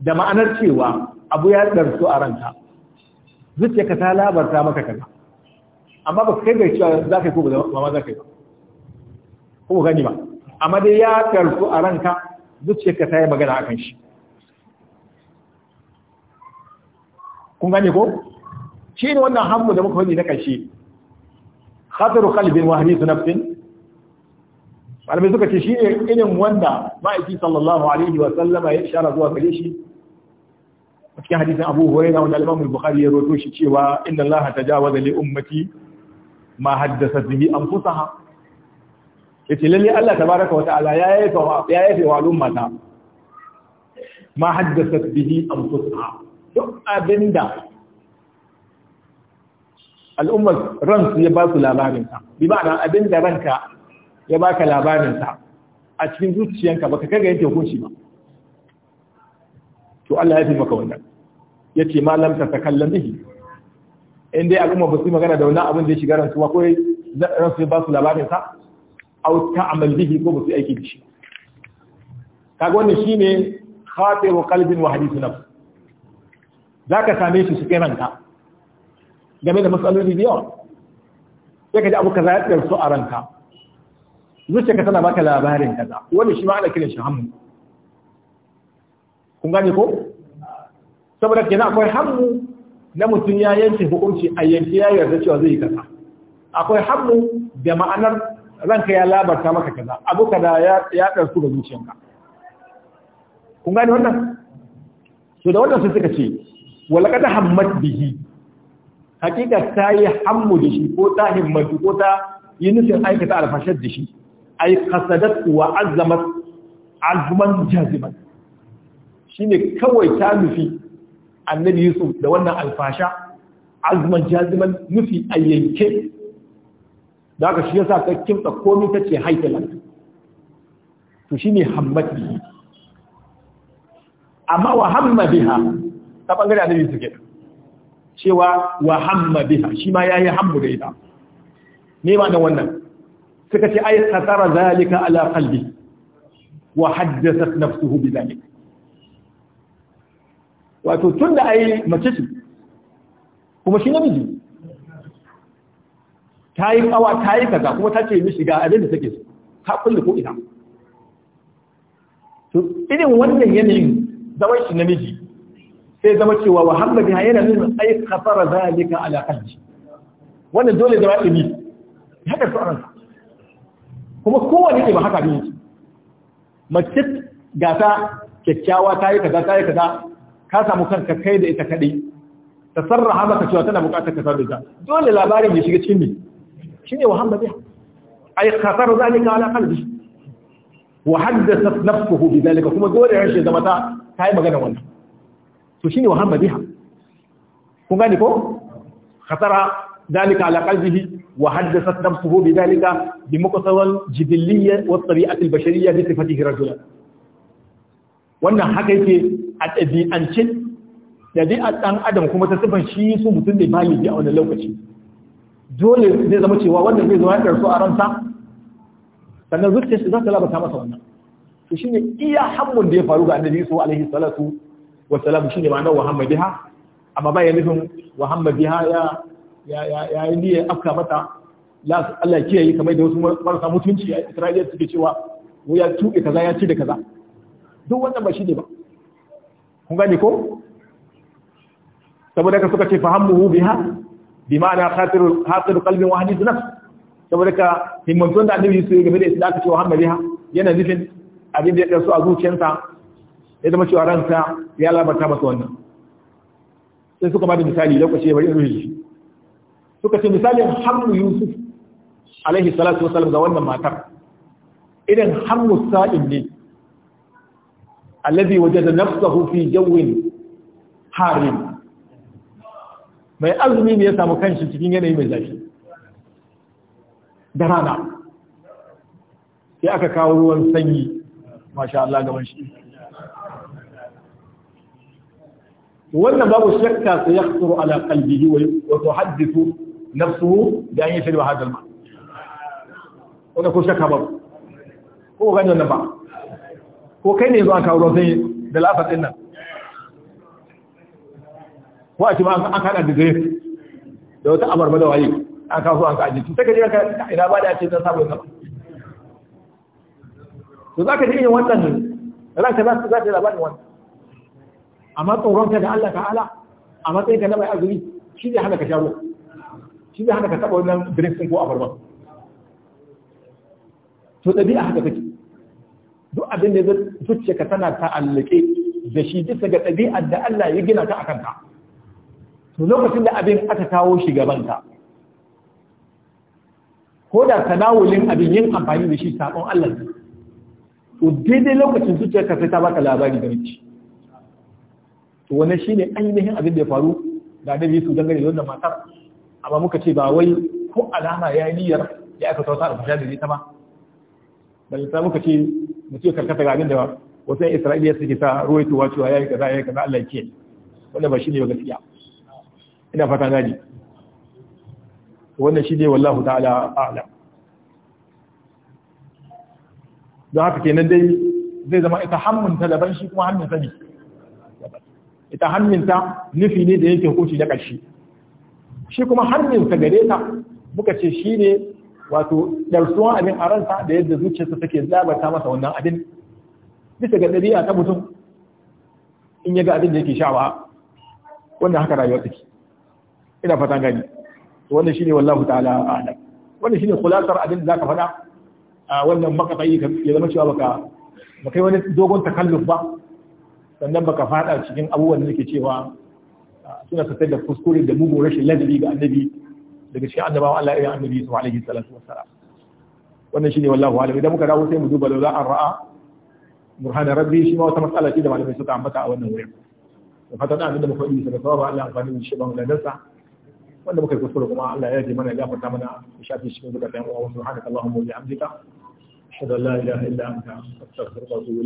da ma'anar cewa abu ya ɗarsu a ranka ka ta labarta maka kaza amma ba kai bai cewa za ka yi ko ba ma za ka yi ba kuma gani ba amma dai ya ɗarsu a ranka ka ta yi magana a kan shi kun gani ko shi ne wannan hannu da muka wani na ƙarshe khataru qalbin wa hadithu nafsin malamai suka ce shi ne irin wanda ma'aiki sallallahu alaihi wa sallama ya shara zuwa gare shi cikin hadisin Abu Hurairah wanda Imam bukari ya roto shi cewa inna Allah ta wa zale ummati ma haddasa ha ya ce lalle Allah ta baraka wa ta'ala ya yafe ya yafa wa ma haddasa bihi ha duk abinda al'ummar ransu ya ba su ta, bi ma'ana abinda ranka ya baka ta, a cikin zuciyanka baka kaga yanke hukunci ba to Allah ya fi maka wannan Ya ma malam ta kallon bihi in dai al'umma ba su magana da wani abin da ya shiga ransu ba ko ransu ba su labarin sa aw amal bihi ko ba su aiki da shi kaga wannan shine khatiru qalbin wa hadithu nafs zaka same shi kai ranka game da matsaloli da sai ka ji abu kaza ya tsarsu a ranka zuciya ka tana baka labarin kaza wani shi ma ana kiran shi hamu kun gane ko saboda kenan akwai hammu na mutum ya yanke hukunci a yanke ya yarda cewa zai yi kaza akwai hammu da ma'anar ranka ya labarta maka kaza abu kaza ya ɗarsu ga zuciyanka kun gane wannan so da wannan sai suka ce walaqad hammat bihi hakika ta yi hammu da shi ko ta himmatu ko ta yi nufin aikata alfashar da shi ai qasadat wa azamat azman shine kawai ta nufi annabi yusuf da wannan alfasha azman jaziman nufi a yanke da aka shi ya sa kakkin tsakomi ta ce haitalan to ne hammati amma wa hamma biha ta bangare annabi yusuf ke cewa wa hamma biha shi ma yi hammu da ita me ma da wannan suka ce ay khatara zalika ala kalbi wa haddasa nafsuhu zalika wato tun da ai mace ce kuma shi namiji ta yi kawa ta yi kaza kuma ta ce mishi ga abin da take ta kulle ko ina to irin wannan yanayin zaman shi namiji sai zama cewa wa hamma biha yana nuna ai kafara zalika ala qalbi wannan dole da wajibi haka su aransa kuma kowane ne ba haka ne mace gata kyakkyawa ta yi kaza ta yi kaza ka samu kanka kai da ita kaɗai ta sarraha maka cewa tana buƙatar ka sadu ta dole labarin ya shiga cikin ne shine wahamma biha ay khatar zalika ala qalbi wa haddathat nafsuhu bidhalika kuma dole rashin zama ta kai magana wannan to shi ne shine wahamma biha kun gani ko khatara zalika ala qalbihi wa haddathat nafsuhu bidhalika bi muqtawal jibilliyyah wa tabi'at al-bashariyya bi sifatihi rajulan wannan haka yake a ɗabi'ance ɗabi'a ɗan adam kuma ta sifan shi su mutum da bayi a wani lokaci dole zai zama cewa wannan zai zama su a ransa sannan zuciya shi za ta labata masa wannan to shi ne iya hamun da ya faru ga annabi su alaihi salatu wa salam shi ne ma'anar wahamma biha amma bayan nufin wahamma biha ya ya yi niyyar afka mata Allah kiyaye kamar da wasu marasa mutunci a Isra'ila suke cewa ya tuɓe kaza ya ci da kaza duk wannan ba shi ne ba kun gane ko saboda ka suka ce fahammuhu biha bi ma'ana khatirul khatirul qalbi wa hadith nafs saboda ka himmantun da annabi Yusuf game da ita aka ce wa hammaliha yana nufin abin da ya kasu a zuciyarsa ya zama cewa ransa ya labarta masa wannan sai suka bada misali lokaci bari in shi suka ce misalin Hamu Yusuf alaihi salatu wasallam ga wannan matar idan Hamu sa'in ne alladhi wajada nafsahu fi jawin harim mai azumi ne ya samu kanshi cikin yanayi mai zafi da rana sai aka kawo ruwan sanyi masha Allah gaban shi wannan babu shakka sai ya khuru ala qalbihi wa tuhaddithu nafsuhu da an yi shirba hadal ma wannan ko shakka babu ko ganin wannan ba ko kai ne zuwa kawo sai da lafar ɗin nan ko a ci ma an kada da zai da wata abarba da waye an kawo an kaji ta kaji ka ina ba da ce ta sabo ta to za ka ji yin wannan ranka za ka da bani wannan amma tsoron ka da Allah ta'ala a matsayin ka na mai azumi shi ne hana ka sha shi ne hana ka taɓa wannan drink ko abarba to ɗabi'a haka take duk abin da zuciya ka tana ta'allake da shi bisa ga ɗabi'ar da Allah ya gina ta a kanta, to lokacin da abin aka kawo shi ka, ko da tanawulin abin yin amfani da shi sabon Allah ne to daidai lokacin zuciya ka sai ta baka labari da shi to wannan shine ainihin abin da ya faru da annabi su dangane da wannan matar amma muka ce ba wai ko alama ya niyyar ya aka tauta da fasha da ita ba bal sai muka ce mu ce karkata ga abin da wasu Isra'iliya suke ta ruwaitowa cewa yayi kaza yayi kaza Allah ke wanda ba shi ne gaskiya ina fata gani wannan shi ne wallahu ta'ala a'la don haka kenan dai zai zama ita hannun talaban shi kuma hannun sabi ita hannunta nufi ne da yake hukunci na ƙarshe shi kuma hannun ta gare ta muka ce shi ne wato ɗarsuwan abin a ransa da yadda zuciyarsa take labarta masa wannan abin bisa ga ɗabi'a ta mutum in ya ga abin da yake sha'awa wannan haka rayuwar take ina fatan gani wannan shine wallahu ta'ala a'ala wannan shine khulasar abin da zaka faɗa a wannan maka tsayi ya zama cewa baka baka wani dogon takalluf ba sannan baka fada cikin abubuwan da nake cewa suna fitar da kuskure da mugun rashin ladabi ga annabi daga cikin annabawan Allah irin annabi Yusuf alaihi salatu wassalam wannan shine wallahu alim idan muka dawo sai mu duba lawla an ra'a burhana rabbi shi ma wata matsala ce da malamai suka ambata a wannan wurin da fatan da abinda muka yi daga sawaba Allah amfani da shi ba ladarsa wanda muka yi kuskure kuma Allah ya ji mana ya gafarta mana ya shafi shi cikin zakatan wa subhanaka allahumma wa bihamdika ashhadu an la ilaha illa anta astaghfiruka wa atubu